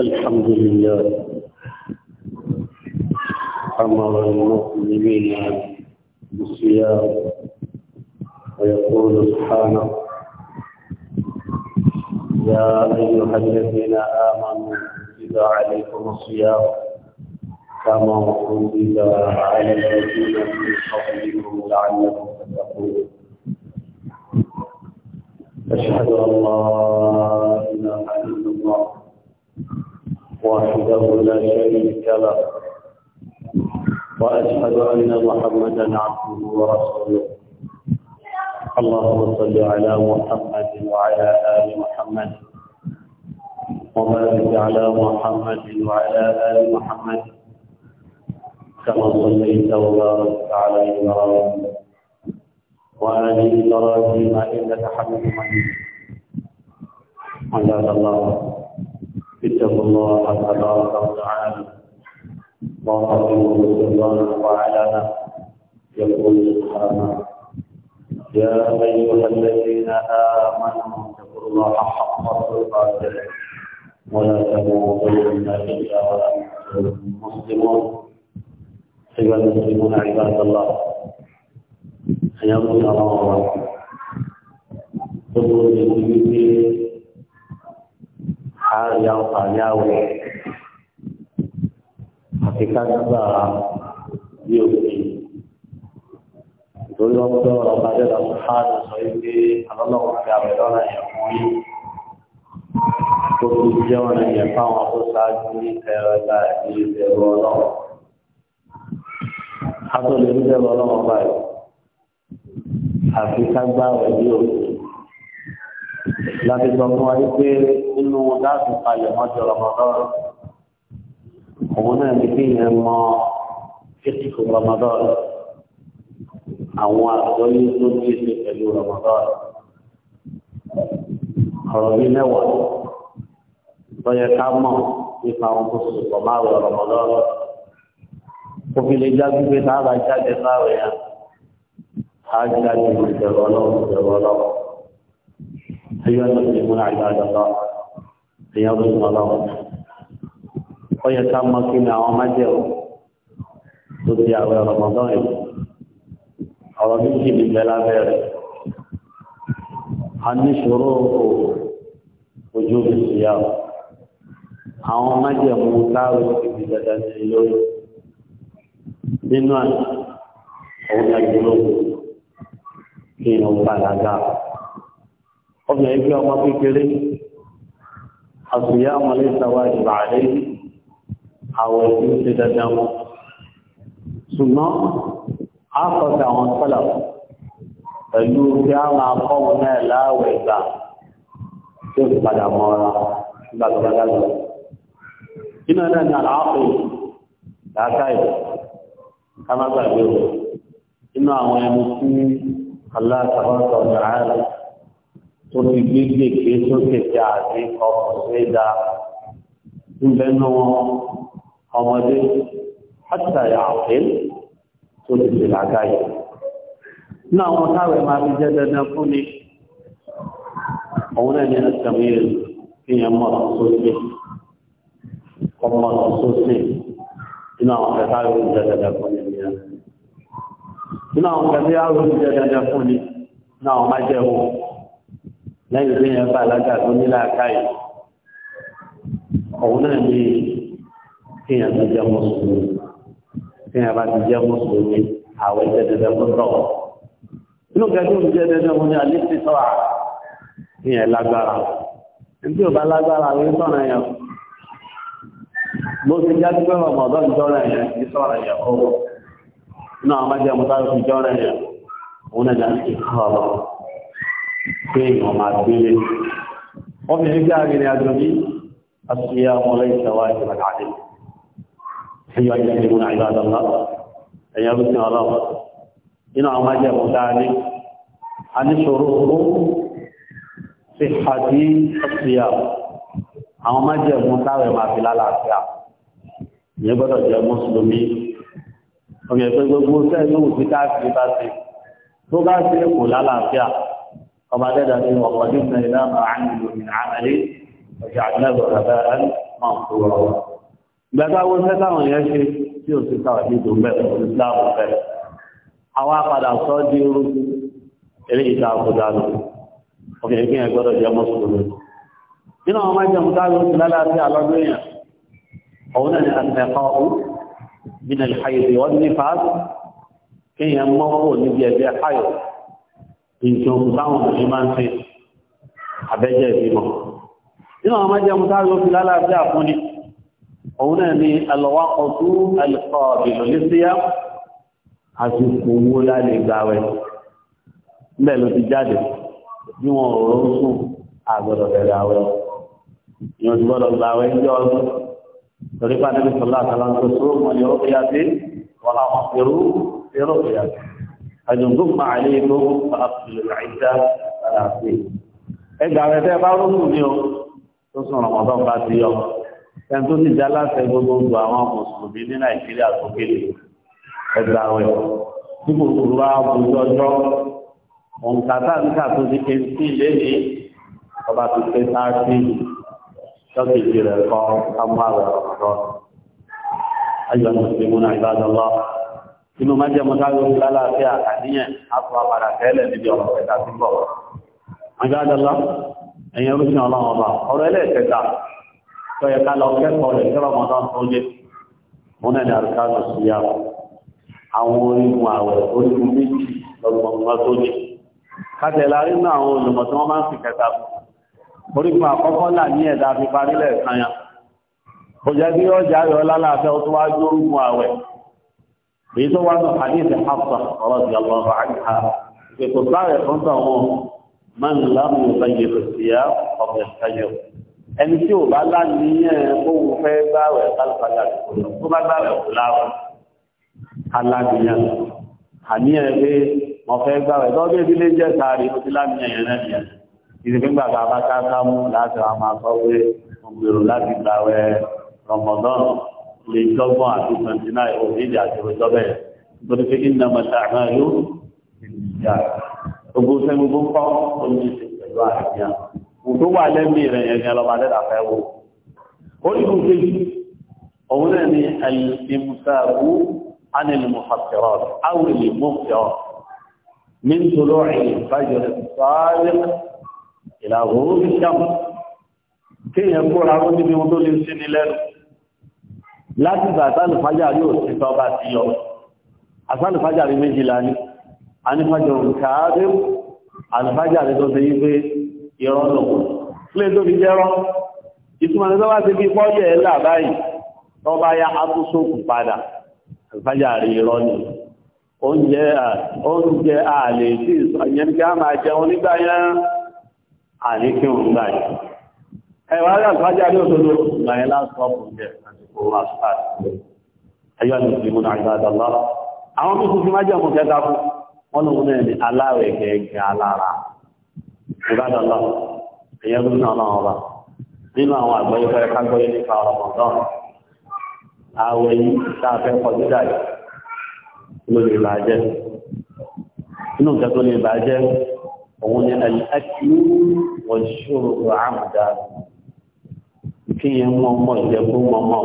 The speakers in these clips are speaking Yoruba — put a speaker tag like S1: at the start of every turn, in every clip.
S1: الحمد لله أمر المؤمنين بالصيام ويقول سبحانه يا أيها الذين آمنوا كتب عليكم الصيام كما كتب على الذين من قبلكم لعلكم تتقون أشهد أن لا إله إلا الله وحده لا شريك له
S2: وأشهد أن محمدا
S1: عبده ورسوله اللهم صل على محمد وعلى آل محمد
S2: وبارك على محمد
S1: وعلى آل محمد كما صليت وباركت على إبراهيم وآل إبراهيم إنك حميد مجيد عباد الله اتقوا الله تبارك وتعالى وقوله سبحانه وتعالى يقول سبحانه يا ايها الذين امنوا اتقوا الله حق تقاته ولا تموتن الا وانتم مسلمون ايها المسلمون عباد الله حياكم الله خذوا بالمؤمنين a rí àǹfààní àwẹ̀ àti kágbà bí òfin ìtorí wọn tó ọ̀rọ̀ bá dẹ́ta tó fáàdì sọ wípé alọ́lọ́wọ́ fi àwẹ̀ lọ́rọ̀ yẹn fún yín tó fi jẹ́ wọn yẹn fáwọn tó ṣáájú ní ẹ̀rọ ìgbà ìbẹ̀rù ọlọ́run a tó lè rí láti sọ fún wa wípé nínú láti palẹ̀ mọ́jọ rọmọdọ́rọ̀
S2: òun náà ní kí yẹn
S1: mọ fífò rọmọdọ́rọ̀ àwọn àgbọ́yé tó ní ṣe pẹ̀lú rọmọdọ́rọ̀ ọ̀rọ̀ yìí mẹ́wàá lọ́yẹ ká mọ̀ nípa ohun tó ṣe pọ̀ máa wọ rọmọdọ́rọ̀ kò fi lè já gbígbé tá bá jáde láwẹ̀ yẹn á jáde ìbẹ̀rù ọlọ́run ìbẹ̀rù ọlọ́run. أيها المسلمون عباد الله رياض الله، ويتم كما عمده ضد أول رمضان أو به بالبلابير عن شروط وجوب الصيام àwọn májẹ̀mú táwọn ìbí dada ní lórí nínú àwọn ìgbìlógún kí ni ó bàlágà obìnrin bí ọmọ kékeré àṣùyá ọmọlé ìtawà ìgbà rẹ̀ àwọ̀ ẹ̀kú ti dandan wọn ṣùgbọ́n a kọ̀ọ̀tà àwọn sọ́là pẹ̀lú kí a máa kọ́ wọn náà láàwẹ̀ ìgbà tí ó fi padà mọ́ ara nígbà tó bá dájú ní àlàáfẹ́ làákàyè ká má inú àwọn ẹni tí aláàtàwọn sọ̀rọ̀ tó fi gbégbé ké sókè tí a ti ọmọ sí da ńbẹ́nu ọmọdé hátàyà àfẹ́ tó ti fi làgáyé. Nínú àwọn táwẹ̀ máa fi jẹ́ dandan fún ni, òun náà ní ẹ̀sẹ̀mí kí yẹn mọ̀ sókè, ọmọ sókè nínú àwọn kẹta yóò jẹ́ dandan fún ni nìyẹn. Nínú àwọn kẹta yóò jẹ́ dandan fún ni, nínú àwọn májẹ̀wò lẹ́yìn tí yẹn bá alága tó ní láàkáyì ọ̀hún náà ní kí yẹn tó jẹ́ mùsùlùmí kí yẹn bá ti jẹ́ mùsùlùmí àwọn ẹ̀jẹ̀ dẹ̀dẹ̀ fún tọ̀. inú kẹjọ ń jẹ́ dẹ̀dẹ̀ fún ní alẹ́ ti tọ́ à kí yẹn lágbára níbi ò bá lágbára àwọn ẹ̀jẹ̀ tọ̀nà yẹn bó ti jáde pé ọmọ ọ̀dọ́ ìjọ́ra yẹn ti tọ̀ra yẹn kọ́ inú àwọn májẹ̀mú tá pé èèyàn máa gbélé obìnrin bí arìnrìn àjò bí asùnìyà ọmọlẹ́ ìṣẹ̀wá ìjọba àdé ẹ̀yọ ilẹ̀ ìlú náà ìlú àdọ́lá ẹ̀yà ló sin ọlọ́run nínú àwọn májẹ̀mú dáadé a ní ṣòro owó sí àti asùnìyà àwọn májẹ̀mú táwẹ̀ máa fi lálàáfíà ìyẹn gbọ́dọ̀ jẹ́ mùsùlùmí ọmọ ẹ̀fẹ́ gbogbo وما دل وقدمنا إلى ما عملوا من عمل وجعلناه هباء منصورا بابا وسلام يا شيخ tí o ti sáwà ní ìdò mẹ́rin fún ìsìláàmù fẹ́. Àwọn apàdà sọ di irú eré ìta àkùdà lò. Obìnrin kí yẹn gbọ́dọ̀ jẹ́ mọ́sùlùmí. Nínú àwọn májèmú táwọn lálàáfí àlọ́dún èèyàn, òun náà ni àtẹ̀kọ́ ọ̀hún, bí nà ìhàyè wọ́n ní fàá, kí yẹn mọ́ nǹkan òkú táwọn obìnrin máa ń ṣe àbẹ́jẹ́ ìbímọ. nínú àwọn májẹ̀mú táwọn fi lálàáfíà fún ni òun náà ni alọ́wákọ̀tú alìkọ́ ìlọ́lẹ́síyá àti owó lálẹ́ ìgbàwẹ̀ níbẹ̀ ló ti jáde bí wọn ò rọ́ sùn àgbọ̀dọ̀ bẹ̀rẹ̀ àwẹ̀ ìyọ̀n ti gbọ́dọ̀ gbàwẹ̀ ń jọ ọdún ní sọlá àtàlà ń àjọ̀gbọ́n àlẹ́ ìlú àfihàn àìsá àlàáfíà ẹgbà rẹ̀ tẹ́ bá rúnmù ní o tó sùn rọmọdán bá ti yọ ẹni tó ti dálásẹ gbogbogbò àwọn mùsùlùmí ní nàìjíríà tó kéde ẹgbà rẹ̀ tí kò tó wá gbogbo ọjọ́ òǹkàtà sí ilé rẹ̀ kọ́ sámúhàwẹ̀ rọmọdán ayọ̀ mùsùlùmí náà ìbájọ́ lọ́wọ́ inú májẹ̀mú táwọn orí lálàáfíà àníyàn àpò àpàdà tẹ́lẹ̀ níbi ọ̀rọ̀ ẹ̀dá tí bọ̀. Àjọ́dọ́lá, ẹ̀yìn orúṣin ọlọ́run ọba, ọ̀rọ̀ ẹlẹ́ẹ̀kẹta tó yẹ ká lọ kẹ́kọ̀ọ́ rẹ̀ kẹ́rọ̀ mọ́tọ́ tó yé. Wọ́n náà ní àrùkánù sí ya. Àwọn orígun àwẹ̀ orígun méjì lọ́gbọ̀n tó yé. Kátẹ̀ lárí náà àwọn olùmọ̀ tí wọ́n máa ń fi kẹta. Orígun àkọ́kọ́ là ní ẹ̀dá fi parí lẹ́ẹ̀kan ya. Kò bí ọjà ayọ̀ lálàáfẹ́ ó tó wá jó orígun àwẹ̀ èyí tó wá náà hadith Hafsa radiyallahu anha ìpèkò sáré fún tàwọn máa ń lámù ìbáyé rẹ̀ sí á ọ̀bẹ̀ sáyọ̀ ẹni tí ò bá láníyàn kóhun fẹ́ báwẹ̀ kálùfàdà tó bá báwẹ̀ kò láwọ̀ aláníyàn àníyàn pé wọ́n fẹ́ báwẹ̀ tó bí ìdílé jẹ́ sáré ó ti láníyàn yẹn náà yẹn ìdílé gbàgbà bá ká sámú láti àwọn akọ́wé ògbèrò láti gbàwẹ̀ Ramadan lè jọgbọ́n àti twenty nine ó ní ìdí àti ìrọ̀jọ́ bẹ́ẹ̀ nítorí pé iná mọ̀tà náà yóò ìjà gbogbo fẹ́ gbogbo kọ́ ó ní ìṣe pẹ̀lú àríyàn òtó wà lẹ́mí rẹ̀ yẹn gan ní kó lè sí ni lẹ́nu láti ìgbà àtàlùfájà rí òsì tó bá ti yọ àtàlùfájà rí méjìlá ní anífájà òǹkàádé àlùfájà rí tó ṣe yí pé ìrọ́ lọ sílé tó fi jẹ́rọ́ ìtumọ̀ ní sọ́wọ́ ti fi pọ́ọ̀lì ẹ̀ là báyìí tó bá yá atúnṣókù padà àlùfájà ìrọ́ ẹ̀wà rẹ̀ àtàjà ní òṣòro láyé láàpọ̀ jẹ́ àtìkò àṣàtì ayọ́ àmìsìmú náà ìgbàdàlá kí yẹn mọ ọmọ ìjẹ̀kú mọ́mọ́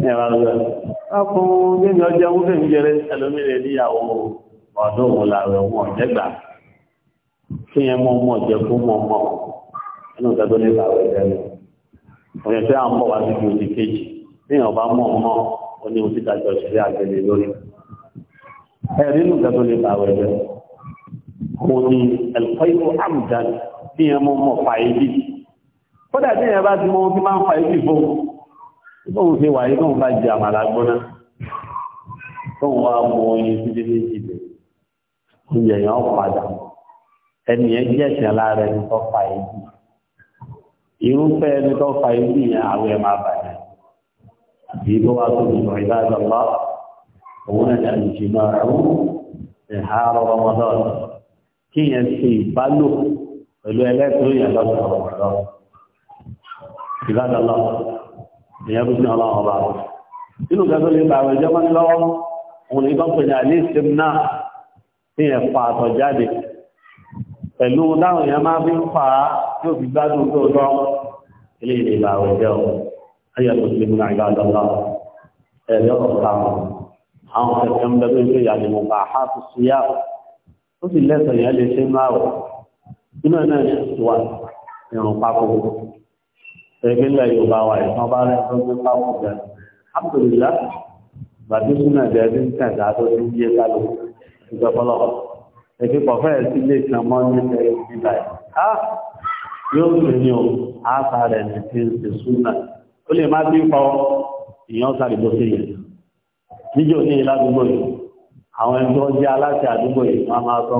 S1: ní ẹ̀rọ rẹ̀ ọkùnrin nínú ọjọ́ ń fẹ́ ń jẹrẹ ẹlòmíràn níyàwó ọ̀dọ́ òun làwẹ̀ wọn ọ̀jẹ́gbà kí yẹn mọ ọmọ ìjẹ̀kú mọ́mọ́ inú ìtẹ́gbẹ́ ní ìlàwẹ̀ ìjẹ́rẹ̀ òyìn fẹ́ àwọn ọmọ wa sí ju ti kejì bí èèyàn bá mọ̀ ọmọ ó ní ojú dájọ́ ìṣẹ̀lẹ̀ àgbẹ̀lẹ̀ lórí ẹ̀rí inú ìtẹ́gbẹ́ ní ìlàwẹ̀ ìjẹ́rẹ̀ òun ni ẹ̀lùkọ́ ìlú àmùdá bí yẹn mọ ọmọ fàyè bíi kódà tí ìyẹn bá ti mọ́ tí máa ń fa ibi fún tóun fi wà yí bá jẹ àmàlà gbóná tóun wá mú oyin sí délé ìdílé oúnjẹ yẹn padà ẹni yẹn jẹ́ ẹ̀sìn lára ẹni tó fa ibi irúfẹ́ ẹni tó fa ibi yẹn àwọn máa bàjẹ́ àbí tó wá tó nínú ìdájọba òun náà ní ìjìnà ẹ̀rú ẹ̀há rọmọdọ́ọ̀nù kí yẹn ṣe ìbálò pẹ̀lú ẹlẹ́tọ̀ọ́ yẹn lọ́sọ̀rọ̀ ìbádọ́lọ́ ìyẹn bí ọlọ́run ọba nínú gẹ́gẹ́ lè bàrọ̀ ìjọba ní lọ́wọ́ òun ní bá pèlè àlè ìsinmi náà ní ẹ̀fà àtọ̀ jáde pẹ̀lú dáhùn èèyàn máa fi ń fà á tí ó fi gbádùn tó lọ ilé ìdè ẹgbẹ́ ilẹ̀ yorùbá wa ìtàn bá rẹ̀ tó gbé pápọ̀ jẹ́ àpòlùlá bàbí súnà jẹ́ bí kẹta tó ti yé kálù ìjọpọlọ ẹgbẹ́ pọ̀fẹ́ sí ilé kan mọ́ ní ẹgbẹ́ ìgbà á yóò sì ní o àṣà rẹ̀ ní ti ń ṣe súnà ó lè má bí pọ ìyàn sáré bó ṣe yẹ níjọ ní ìládùúgbò yìí àwọn ẹni tó jẹ́ aláṣẹ àdúgbò yìí wọ́n máa sọ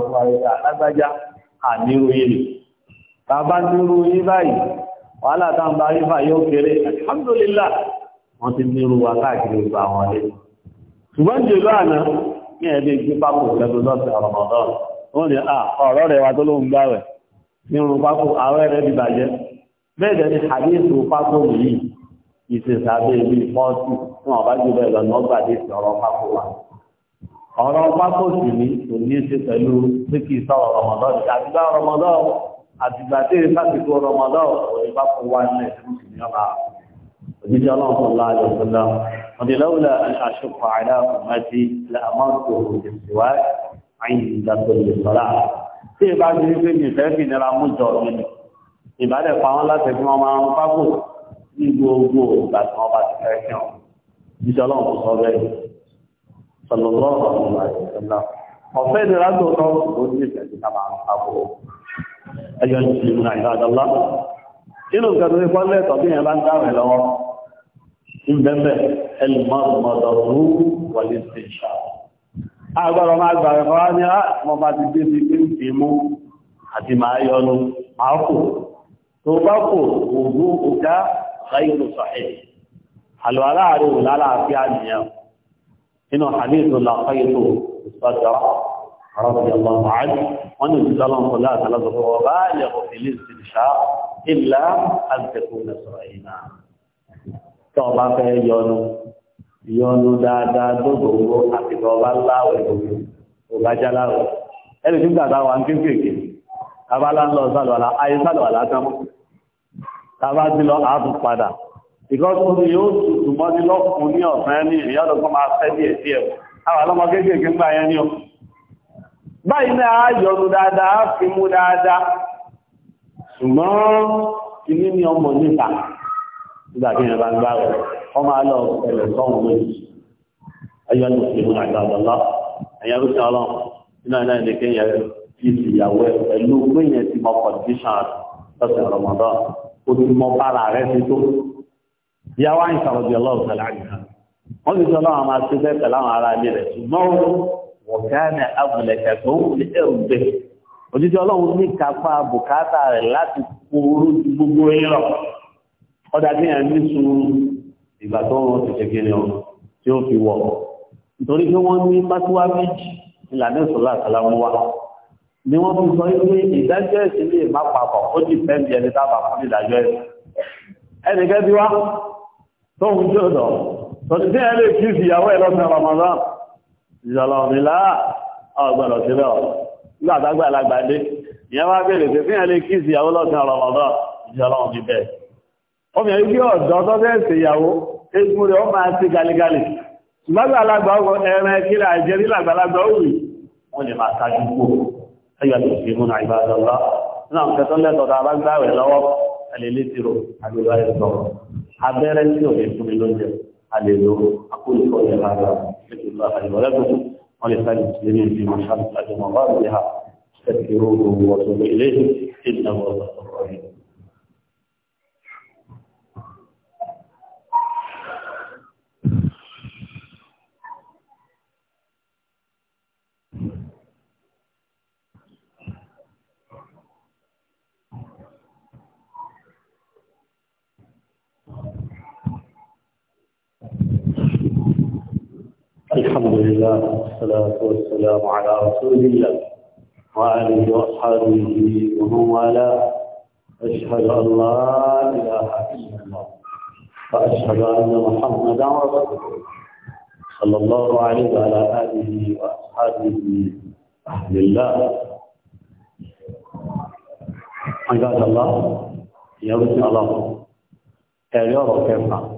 S1: wàhálà tá ń bá rífà yóò kéré alhamdulillah wọ́n ti nírú wa káàkiri gba àwọn ilé ṣùgbọ́n jèlú àná ní ẹ̀bí gbé pápò lẹ́nu lọ́sẹ̀ Ramadan wọ́n ní à ọ̀rọ̀ rẹ̀ wa tó ló ń gbáwẹ̀ nírun pápò àwẹ̀ rẹ̀ ti bàjẹ́ bẹ́ẹ̀ dẹ̀ ni àdéhùn pápò yìí ìṣèṣàbẹ̀ ibi fọ́ọ̀tì tí wọ́n bá jù bẹ́ẹ̀ lọ nọ́gbà dé ọ̀rọ̀ pápò wa ọ̀rọ̀ àtìgbà tí èyí sásìkò ọmọdé ọ̀rọ̀ ìbá fún wa nílẹ̀ tí wọ́n sì ní ọba òjíjẹ́ ọlọ́run tó láàyè ọ̀sọ́lá wọn ni lọ́wọ́lá àṣọpọ̀ àdá ọmọdé láàmọ́tò òjòsíwá àyìn ìdàtọ̀ ìlẹ̀sọ́lá tí ìbá ti rí pé mi fẹ́ fi nira mú jọ mi ni ìbálẹ̀ pa wọn láti fi wọn máa ń pákó ní gbogbo ìgbà tí wọn bá ti fẹ́ fi hàn òjíjẹ́ ọlọ́run sọ bẹ́ẹ̀ sọlọ́lọ́ ọ̀sọ́lá ọ̀fẹ́ ìdíra tó tọ́ ẹjọ́ ìṣẹ̀lẹ̀ àìbádọ́lá nínú nǹkan tó ní pọ́lẹ̀ ẹ̀tọ́ bí yẹn bá ń dáwẹ̀ lọ́wọ́ ìbẹ̀mẹ̀ ẹlùmọ́ọ̀mọ́dọ̀rú wọlé ṣèṣà agbọ́rọ̀ máa gbà rẹ̀ fọ́wá ní á ah, mọ́ bá ti dé sí pé ń fi mú àti máa yọnu máa رضي الله عنه وأن الإسلام صلى الله عليه وسلم وبالغ في الاستنشاق إلا أن تكون سرعينا طبعا يونو يونو دا دا دوغو أبي دوغا الله ويغو وغا جلاله ẹni tí ń gbàdá wa ń kí kéèké tàbá láńlọ sálùwàlá ayé sálùwàlá tánmọ́ tàbá ti lọ àátù padà ìkọ́sùn yóò tutù mọ́ ní lọ́kùn ní ọ̀sán ní ìyọ́dọ̀kọ́ máa fẹ́ díẹ̀ díẹ̀ àwọn ọlọ́mọ kéèkéèké ń gbà yẹn ní ọ̀sán báyìí náà á yọnu dáadáa á fi mú dáadáa ṣùgbọ́n kìíní ni ọmọ níta nígbà tí yẹn bá ń gbáwẹ̀ ọmọ alọ ẹlẹ sọhùn méjì ayọ ní òṣèlú àgbàdàlá ẹyẹ ló ti Ọlọ́run nínú ẹlẹ ní kéèyàn fi ìyàwó ẹ pẹ̀lú péyàn ti mọ kọndíṣàn lọ́sẹ̀ Ramadan ó ti mọ bára rẹ ti tó ìyàwó àyìnṣà ọjọ́ Ọlọ́run tẹ́lẹ̀ àyìnṣà wọn ti sọ Ọlọ́run máa ṣe bẹ́ẹ̀ pẹ̀lú àwọn ará ilé rẹ ṣùgbọ́n wọ̀gánà abùlẹ̀kẹ̀ tó lè ẹ̀rùbẹ̀. Òjijì ọlọ́run ní kápá bùkátà rẹ̀ láti kóró ju gbogbo yín lọ. Ọ̀dà bí ẹ̀ ní sùúrù ìgbà tó ń ti ṣe kíni ọ̀hún tí ó fi wọ̀. Nítorí pé wọ́n ní pátíwá méjì ìlànà ìṣòro àkàlámú wa. Ni wọ́n fi sọ pé ìdájọ́ ẹ̀sìn lè má papọ̀ ó ti fẹ́ bí ẹni tábà fún ìdájọ́ ẹ̀sìn. Ẹnìkẹ́ bí wá tóun jọ̀dọ̀ tòṣìṣẹ́ ẹ lè kí ìyàwó ẹ lọ́sàn-án Ramadan ìjọlọ́mìlá ọgbọ̀nà sílẹ̀ nígbàtàgbà alágbàdé ìyẹn wá bèèrè pé fíyàn lè kí ìsìyàwó lọ́sìn ọ̀rọ̀mọ̀dọ́ ìjọlọ́mì bẹ́ẹ̀ ọmọ yìí kí ọ̀dọ́ tó fẹ́ ìsìyàwó egun rẹ̀ ó máa ti galigali ṣùgbọ́n alágbà ọgbọ̀ ẹran kíra ìjẹrí làgbàlagbà ó wì wọ́n lè máa tajú kú ẹgbẹ́ tó fi mú àìbàdàlá náà kẹtọ́ lẹ́tọ̀ọ́ tá a lè fún mi lóúnjẹ àlè lóró akólùkọ́ yẹn lára اتقوا الله لي ولكم ولسائر المسلمين في مشهد الأرض ومغاربها استغفروه وتوبوا إليه إنه هو الغفور الحمد لله والصلاة والسلام على رسول الله آله وأصحابه ومن والاه أشهد أن لا إله إلا الله وأشهد أن محمدا رسول الله صلى الله عليه وعلى آله وأصحابه أهل الله عباد الله يا رسول الله يا ركبنا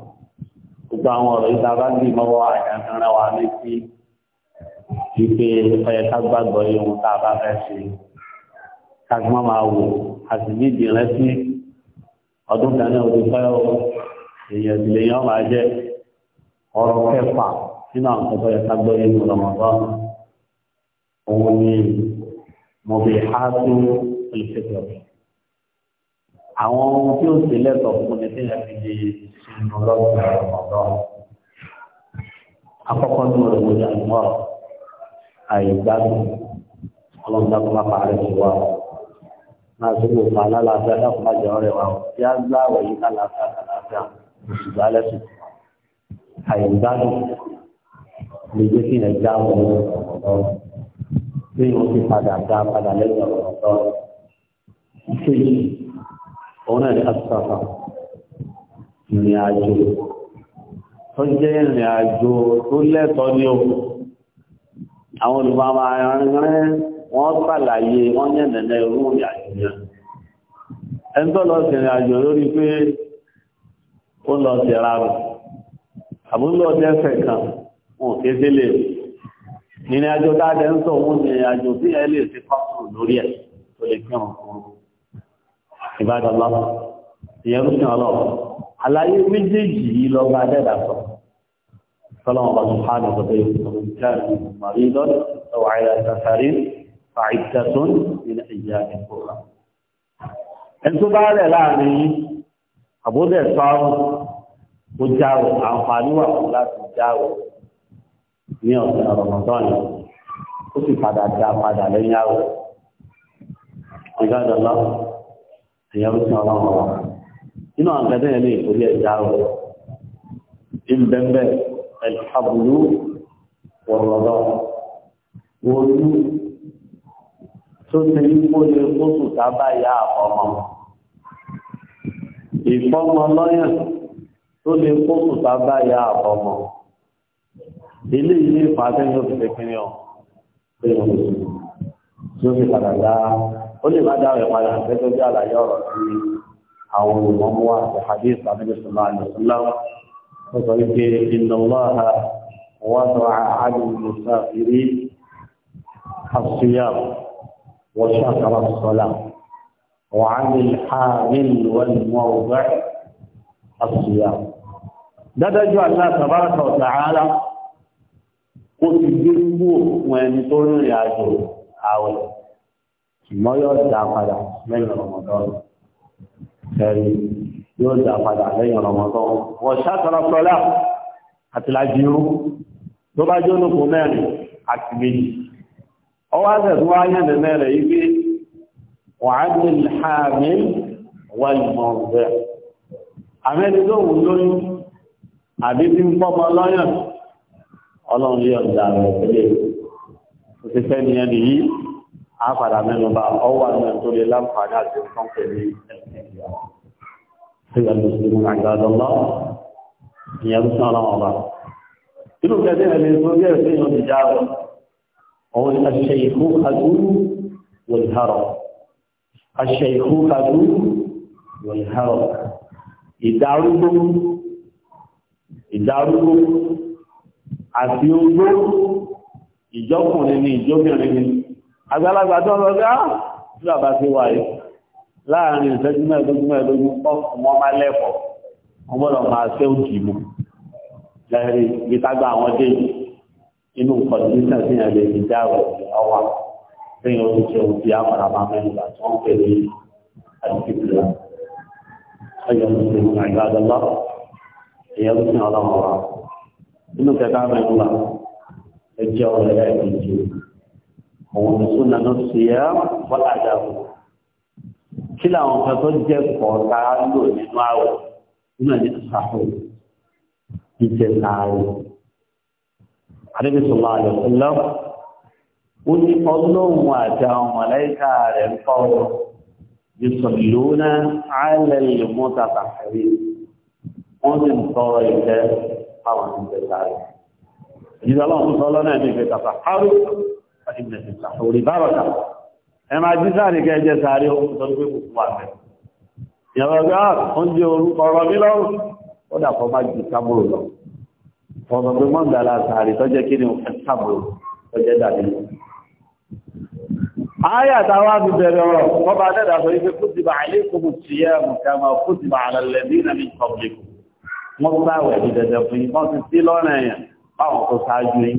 S1: gbogbo àwọn ọ̀rọ̀ yìí tàbá gbé mọ́wọ́ àjàǹkanra wa létí wípé ọyẹ ká gbàgbọ́ yìí ohun tá a bá fẹ́ ṣe ká gbọ́n máa wò a sì ní ìdìrẹ́ sí ọdún kan náà ti fẹ́ o èèyàn sì lèèyàn máa jẹ́ ọ̀rọ̀ kẹfà nínú àwọn tó fẹ́ ká gbọ́ yìí ohun lọ́mọdọ́ òun ni mo bè há tó olùfẹ́tọ̀ àwọn ohun tí ó ṣe lẹ́tọ̀ fún ní tíyẹn fi di sínú lọ́gbà ọ̀dọ́ akọ́kọ́ ní ọ̀rọ̀ ìwé àìmọ́ àìgbádùn ọlọ́dún tó máa parí ti wá máa tó gbogbo máa lálàáfíà dákun máa jẹ ọ̀rẹ́ wa tí a gbá àwẹ̀ yìí lálàáfíà lálàáfíà oṣù gbálẹ̀ sùn àìgbádùn lè jẹ́ kí ẹ̀ já wọn ọ̀dọ́ bí wọ́n ti padà dá padà lẹ́yìn ọ̀rọ̀ ọ̀dọ́ òun náà ni asafa ìrìn àjò tó jẹ́ ìrìn tó lẹ́tọ́ ní o àwọn olùbámà rìnrìn wọ́n sàlàyé wọ́n yẹn nẹ̀nẹ̀ irú ìrìn àjò yẹn ẹni ra kan ìbádọ́lọ́ ìyẹn ń sìn ọlọ́run àlàyé méjèèjì yìí lọ bá dẹ́dà sọ sọlọ́run bá tún hánà tó bẹ́ẹ̀ fún ìjáàmù maridon ọwọ́ àyà sàfàrí fàìdàtún ilẹ̀ ìyá ìkóra ẹni tó bá rẹ̀ láàrin yìí àbúdẹ̀ sọ́run ó jáwò àǹfààní sì padà dá padà lẹ́yìn àwò ìbádọ́lọ́ ìyẹn ló sọ ọlọ́run wa inú àwọn kẹtẹ yẹn ní ìkórè ẹja rẹ ìbẹ̀mbẹ̀ ẹ̀lẹ́fàbùlù wọ̀rọ̀lọ́ wọlú tó ti ní kó lè kóṣù tábà yá ọmọ ìfọmọ lọ́yàn tó lè kóṣù tábà yá ọmọ ilé ilé ìfàsẹ́yìn ló fi ṣe ọ̀ ó lè má dáhùn ìpadà gẹ́gẹ́ bí àlàyé ọ̀rọ̀ sí àwọn olùmọ̀mú wa àti hadith àbíbí sọlá àlùsílá ó sọ wípé ìnáwó وضع عن المسافرين الصيام وشكر الصلاة وعن ti gbé gbò wọn ẹni tó rìnrìn àjò àwẹ̀ ṣùgbọ́n yóò dá padà lẹ́yìn ọ̀rọ̀mọ̀tọ́ ẹ̀rí yóò dá padà lẹ́yìn ọ̀rọ̀mọ̀tọ́ wọ́n ṣàtọ̀rọ̀ sọ́lá àtìlájú irú tó bá jó lóko mẹ́rin àti méjì ọwọ́ àtẹ̀tún wá yẹn nínú rẹ̀ yí pé wàhálì hàmí wà ìmọ̀ ọ̀gbẹ́ àmẹ́ni tó wù lóyún àbí bí ń pọ́mọ lọ́yàn ọlọ́run yóò dá rẹ̀ pẹ̀lẹ́ òṣìṣẹ́ nìyẹn nìyí a padà mẹ́nu bá ọwọ́ àwọn ẹni tó lè láǹfààní àti nǹkan pẹ̀lú ẹ̀sìnkìyà tí wọ́n lè ṣe mún àgbàdọ́lọ́ ìyẹn ń sàn ọlọ́wọ́ bá inú kẹsí ẹni tó bí ẹ̀sìn àti ogbó ìjọkùnrin ni ìjọbìnrin ni àgbàlagbà tó lọ gá tí ah! bàbá ti wà yìí láàrin ìṣẹ́jú mẹ́ẹ̀ẹ́dógún mẹ́ẹ̀ẹ́dógún ọmọ máa lẹ́kọ̀ọ́ wọ́n máa ṣẹ́ òjì mú lẹ́rí ìtagbà àwọn dé inú kọ̀dínísàn inú kẹta mẹ́rìnlá ẹjẹ́ ọ̀rẹ́ ẹ̀kejì òun ní súnà ló ṣe é bọ́lá dàbò kí làwọn kan tó jẹ́ kọ̀ọ̀ta lò nínú àwọ̀ nínú ẹni tó sàfò ìjẹ sàárè àdébísọ̀lá àlọ́sọ́lá ó ní ọlọ́run àti àwọn mọ̀lẹ́kà rẹ̀ ń fọ́wọ́ yìsọ̀lónà àìlẹ̀lẹ̀ mọ́ta sàfẹ́rí wọ́n sì ń tọrọ ìjẹ́ àwọn ìjẹ sàárè ìjọba ọlọ́run sọ lọ́nà ìjẹ sàfẹ́rí ìbìnà ti sàfòrí bárọ̀ta ẹ máa jí sáà ní kẹjẹ sàárẹ̀ ohun tó gbé kò wà mẹ́ ìyàwó gbá ah, oúnjẹ orúkọ ọ̀rọ̀ mi lọ́rùn ó dà fọ́ má ju sábúrò lọ fọ́nà pé wọ́n ń dà láàárẹ̀ tọ́jẹ́ kí ni ẹ sábúrò tọ́jẹ́ dàbí lọ. Aya táwa fi bẹ̀rẹ̀ ọ̀rọ̀ ọba dẹ́dà sọ ife kutiba alaykumu siyamu kama kutiba ala alladhina min qablikum. Wọ́n sáwẹ̀ ní dẹ̀dẹ̀ fún yín, wọ́n ti sí lọ́nà ẹ̀yàn, báwọn tó ṣáájú yín.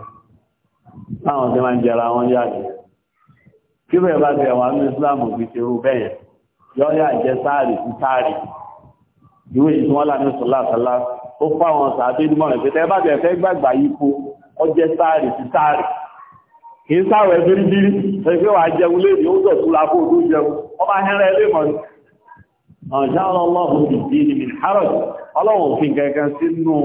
S1: láwọn tí máa ń jẹra wọn yàgbé kí bẹ́ẹ̀ bá ti ẹ̀wọ̀n ní Islam fi ṣe irú bẹ́ẹ̀ yọ́ọ́ yà jẹ́ sáàrì sí sáàrì ìwé yìí tí wọ́n là ní sọ́lá ó fáwọn sàábé ní mọ̀rẹ̀ pẹ̀tẹ́ bá bẹ̀ẹ̀ fẹ́ gbàgbà yípo ọjẹ́ sáàrì sí sáàrì kì í sáwẹ̀ bíríbírí ẹgbẹ́ wà jẹun léèrè ó dọ̀ túnra kó tó jẹun ọba hẹ́rẹ́ ilé mọ̀ ní ọ̀já ọlọ́run ìdí ni mi ọlọ́run òfin gẹ́gẹ́ sínú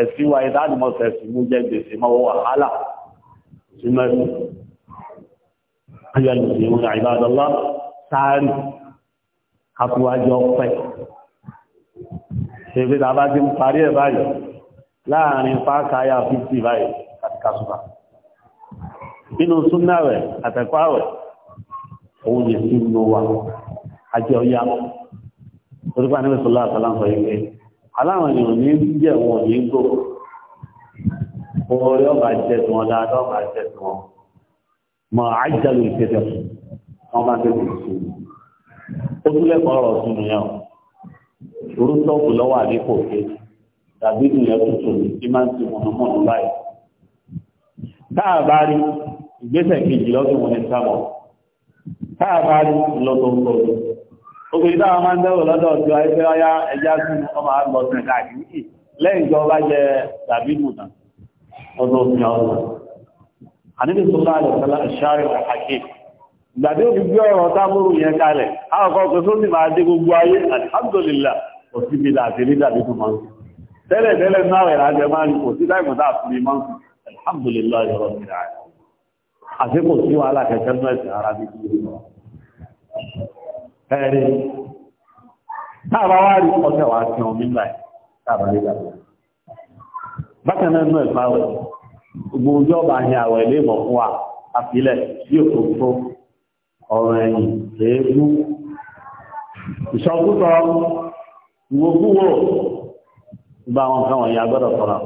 S1: ẹ̀sìn wa ìdánimọ̀sẹ̀sìn mú jẹ gbèsè mọ́wọ́ wàhálà ìmọ̀ ẹ̀sìn ayọ̀ ìmọ̀ ìmọ̀ ìbádọ́lá sáárì àkúwájọ pẹ̀ ṣèbí tàbá ti ń parí ẹ̀ báyìí láàrin fákàáyà 50 báyìí àti kásùbà inú súnná rẹ̀ àtẹ̀kọ́ rẹ̀ òun lè fi ń lo wa àjọ ya orúkọ àníbẹ̀sọ́lá àtàlà ní jẹ́ wọn orí ọba jẹ́ tí wọ́n dáadáa ọba jẹ́ tí wọ́n mọ̀ àjálù ìfẹ́fẹ́ fún wọn bá tẹ̀lé sí i ó tún lẹ́kọ̀ọ́ ọ̀rọ̀ sí mi yàn orú tọ́ọ̀kù lọ́wọ́ àdínkù òkè tàbí ìyẹn tuntun tí máa ń ti mọ̀nàmọ́nà báyìí táà bá rí ìgbésẹ̀ kejì lọ́dún wọn ní sábọ̀ táà bá rí lọ́dọ̀ọ́dọ̀ obìnrin táwọn máa ń dẹ́wò lọ́dọ̀ tí wọ́n ẹgbẹ́ ọyá ẹja sí ọmọ àgbọ̀sìn káàkiri lẹ́yìn tí wọ́n jẹ tàbí mùtàn ọdún òfin ọdún àníbi tó bá àlọ́sọ́lá ìṣàrí àkàkì ìgbàdé òfin gbé ọ̀rọ̀ tábúrú yẹn kalẹ̀ àkọ́kọ́ pé tó sì máa dé gbogbo ayé alhamdulillah kò sí mi láti rí dàbí tó máa ń tẹ́lẹ̀ tẹ́lẹ̀ náà rẹ̀ láti máa ń kò sí táìmù tá a fi máa ń bákan náà nú ẹ̀fà rẹ̀ gbogbo ojú ọba ni àwẹ̀ ilé ìmọ̀ fún wa àfilẹ̀ sí òkòkò ọ̀rọ̀ ẹ̀yìn èébú ìṣọ́kútọ̀ ìwòkúwò gbogbo àwọn nǹkan wọ̀nyí agbọ́dọ̀ sọ̀rọ̀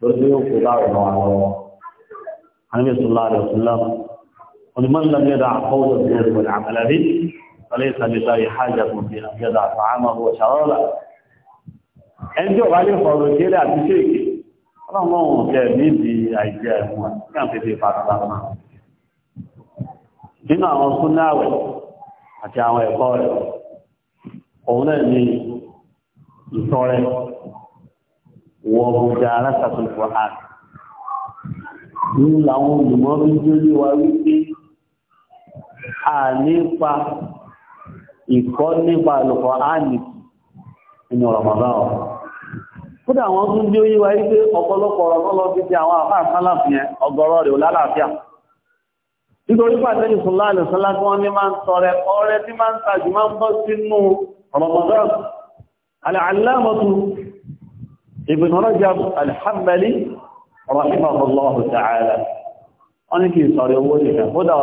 S1: lórí bí ó kó bá ọ̀rọ̀ wa lọ́wọ́ àníbi sọ̀lá rẹ̀ sọ̀lá onímọ̀ ńlá mi dà ọlọ́run ò jẹ́ níbi àìjẹ́ ẹ̀mọ́ ní àfẹ́fẹ́ nínú àwọn súnáwẹ̀ àti àwọn ẹ̀kọ́ rẹ̀ òun náà ni ìtọ́rẹ wọ gbogbo alásàtúnkọ̀ àti nínú làwọn olùmọ́ bí jórí wa wípé a nípa ìkọ́ nípa àlùkọ̀ ànìkì nínú Ramadan kódà àwọn tún dé oyé wa wípé ọ̀pọ̀lọpọ̀ ọ̀rọ̀ lọ́lọ́ fi ti àwọn àfáà sálàfì yẹn ọgọ́rọ̀ rẹ̀ lálàáfíà nítorí pàtẹ́ ní sọ́lá àlùsọ́lá tí wọ́n ní máa ń tọrẹ ọrẹ tí máa ń tàjú máa ń bọ́ sínú Ramadan al-allamatu Ibn Rajab ta'ala wọ́n ní kí ìsọ̀rẹ̀ owó nìkan kódà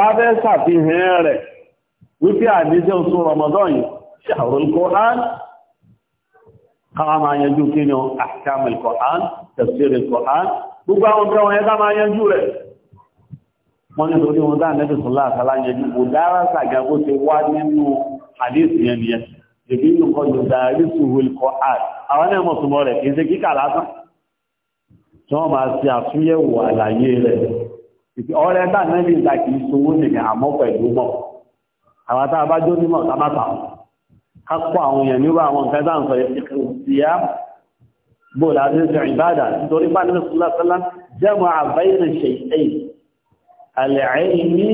S1: ọrẹ sàfihàn rẹ̀ wípé àdíjẹ́ oṣù Ramadan yìí ṣàrùn Qur'an káwà máa yanjú kí ni ahkam al-Qur'an tafsir al-Qur'an gbogbo àwọn ọ̀pẹ́ wọn ẹgbà máa yanjú rẹ̀ wọ́n ní torí wọn dáa nẹ́bí sọ́lá àtàlá yanjú kò dára sàgbàgbó ti wá nínú hadith yẹn nìyẹn èbí yìí kọ́ ló dáa rí sùhù al-Qur'an àwọn máa ṣe àtúnyẹ̀wò àlàyé rẹ̀ ọ̀rẹ́ dáa nẹ́bí ìdá kì í sowó àmọ́ pẹ̀lú mọ́ àwọn tá a bá jó nímọ̀ tá a bá tà ká kó àwọn èèyàn nírú àwọn nǹkan tá à ń sọ ìyá bó la ti ń sọ ìbáàdà nítorí bá nínú sọlá sọlá jẹ́mu àbáyé ṣe ìṣe àlẹ́ẹ̀mí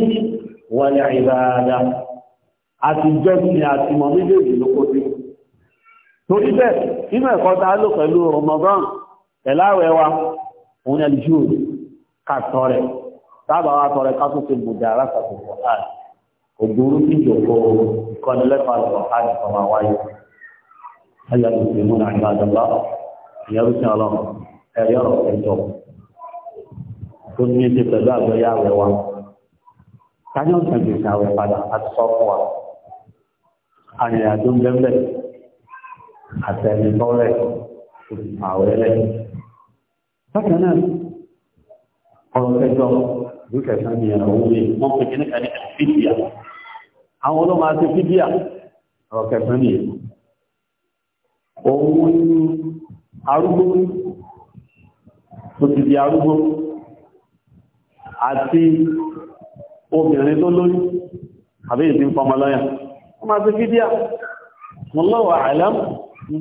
S1: wọlé ìbáàdà àti jọ́sìn àti mọ̀ méjèèjì ló kó sí. torí bẹ́ẹ̀ nínú ẹ̀kọ́ tá lò pẹ̀lú Ramadan ẹ̀láwẹ̀ wa òun ẹ̀lú jù kàtọ̀ rẹ̀ tábà tọrẹ ká tó ṣe láàrin ògbóró tí ìjòkó ìkọ́ni lẹ́kọ̀ọ́ àlọ́ àti ọmọ wáyé ayọ̀ tó fi ya àgbà àdọ́lá ìyẹ́rù sí ọlọ́run ẹ̀rí ọ̀rọ̀ ẹ̀jọ̀ tó ní ṣe pẹ̀lú àgbẹ̀yà rẹ̀ wa táyọ̀ ń tẹ̀lé ìṣàwẹ̀ padà àti sọ fún wa arìnrìnàjò ń bẹ́ẹ̀ àtẹnitọ́rẹ̀ àwẹ̀ rẹ̀ bákan náà ọ̀rọ̀ ẹ̀jọ̀ ìlú kẹsàn-án ni ẹ̀rọ òun wọ́n pe kíníkà ní kàfíìsì àwọn ọlọ́mọ àti fídíà ọ̀rọ̀ kẹfẹ́ ní èkó òun ní arúgbó tó ti di arúgbó àti obìnrin tó lórí àbí ìdí ń pọmọ lọ́yà ọmọ àti fídíà mọ́ lọ́wọ́ àìlám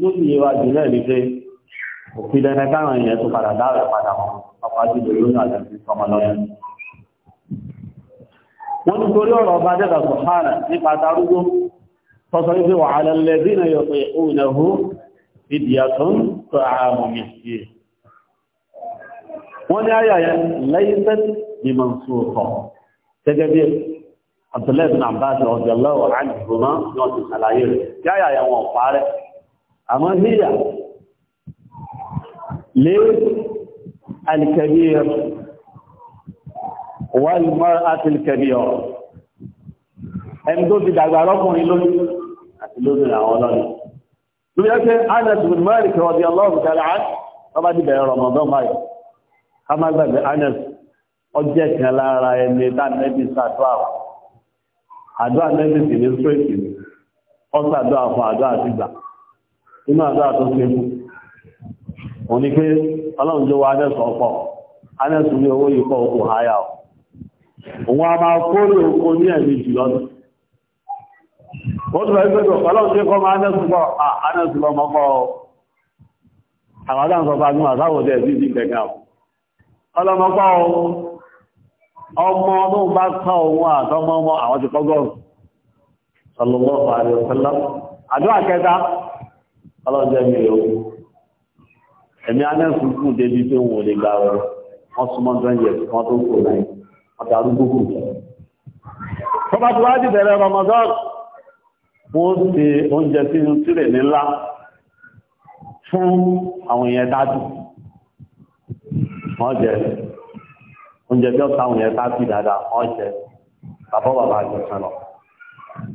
S1: tó ti yẹwà jùlọ ní pé òfin dandan káwọn èèyàn tó padà dára padà wọn wọ́n nítorí ọ̀rọ̀ ọba dẹ́gbà sọ̀hánà nípa tarúgbó tọ́sọ wípé wà alẹ́lẹ́bí na yọ̀ pé ó ìnáwó ìdíyàtún tó ààmù mẹ́sí wọ́n ní ayàyà lẹ́yìnbẹ́t ní mọ̀sùkọ̀ gẹ́gẹ́ bí wọ́n ti ṣàlàyé rẹ̀ yáyàyà wọn wàlúmọ́ àtìlìkẹ̀bí ọ̀ ẹni tó ti dàgbà lọ́kùnrin lórí àti àwọn lórí ọlọ́run ọba ti bẹ̀rẹ̀ báyìí ká má gbàgbé lára ẹni àdúrà nẹ́bí sì ní sírèkì ni ó fún àdúrà ti gbà inú àdúrà tó ṣe fún òun ni pé ọlọ́run ọ̀pọ̀ ní owó yìí òun a máa kórè oko ní ẹ̀mí jù lọ́nà ó tún lọ́wọ́ ìgbẹ́gbẹ́ ọlọ́run tí kọ́ máa anẹ́sùpọ̀ anẹ́sùpọ̀ mọ́kọ́ àwọn adáǹsọ́pá ní àsáwọ̀dẹ̀ sí ti gbẹ̀gà ọlọ́mọpọ̀ ọmọ ọmọ bá kọ́ òun àtọmọ ọmọ àwọn ti kọ́gọ́rùn sọlọ́mọ́ àríọ̀sọ́lá àdúrà kẹta ọlọ́jẹ́ mi ò ẹ̀mí anẹ́sùpù débi pé òun ò lè gbà ọ̀rọ̀ wọ́n súnmọ́ 20 years àtàrúgbó kù tọ́bá tí wá jì bẹ̀rẹ̀ Ramadan wọ́n ṣe oúnjẹ sínú tírẹ̀ nílá fún àwọn èèyàn dájú wọ́n jẹ oúnjẹ tí ó táwọn èèyàn dájú dáadáa wọ́n jẹ bàbá bàbá àjọsán lọ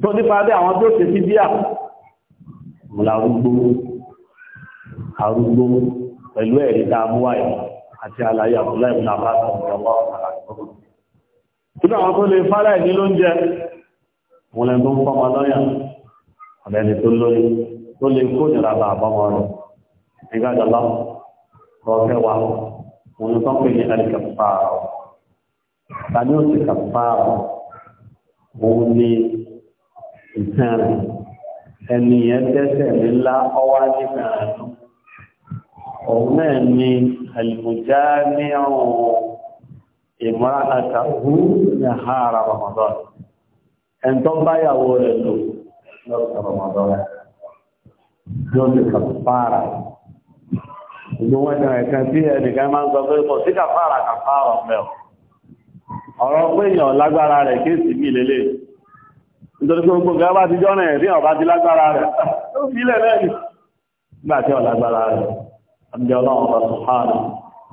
S1: tó nípa bí àwọn tó ṣe fídíà mùlárúgbó arúgbó pẹ̀lú ẹ̀rí dáa mú àyè àti àlàyé àbúláì mú àbá àtàwọn ọmọ ọmọ nínú àwọn tó lè fárá ìdí ló ń jẹ wọn lẹ́nu ń fọmọ lọ́yà ọ̀lẹ́ni tó lórí tó lè kó nìra bá àbọ́mọ rẹ̀ nígbà jọlọ rọ̀kẹ́ wa òun tó ń pè ní ẹni tàbí ó sì kẹfàá òun ni ìtàn ẹni yẹn tẹ́sẹ̀ ńlá ọwá nífẹ̀ẹ́ rẹ̀ òun náà ni àlùmọ̀já ìmọ̀ràtàhù ní àhárà Ramadan ẹ̀ntọ́ báyàwó rẹ̀ lò lọ́pọ̀ Ramadan yóò lè kàfàrà ìlú wọn ni ẹ̀ka tí ẹnìkan máa ń sọ pé kò sí kàfàrà kàfàrà ọ̀fẹ́ o ọ̀rọ̀ pé èèyàn lágbára rẹ̀ kéèsì bí lélẹ̀ nítorí pé gbogbo ọba ti jọ́nà ẹ̀rí ọba ti lágbára rẹ̀ ó fi ilẹ̀ lẹ́yìn nígbà tí ọ̀lágbára rẹ̀ àbíjọ́ ọlọ́run ọba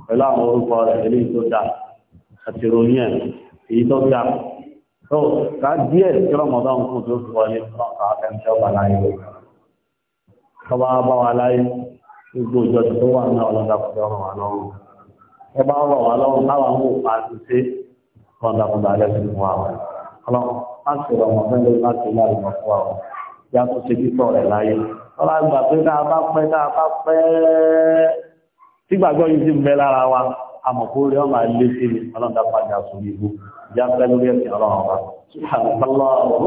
S1: pẹ̀lú àwọn orúkọ rẹ̀ eléyìí tó dáa àti ìròyìn ẹ̀ èyí tó ga tó ká díẹ̀ tí ọmọdé ń kún tó fi wọlé ọkà ẹ̀mṣẹ́ wà láyé ọba bá wa láyé gbogbo ìjọ tó wà ní ọlọ́dà kọjá ọ̀rọ̀ wa lọ́rùn ẹ bá ọ̀rọ̀ wa lọ́rùn táwọn mú pa ti ṣe kọ́ńdàkọ́ńdà alẹ́ sí wa ọlọ́run má sì rọ fún wa ọlá gbà pé tá bá pẹ́ tá bá pẹ́ tí gbàgbọ́ yìí ti ń lára wa amọ̀kórí ọmọ ilé sí ọlọ́dà padà sórí ibú já pẹ́ lórí ẹ̀sìn ọlọ́run wa subhanallah wa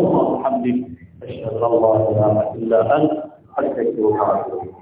S1: rahmatulahi wa rahmatulahi wa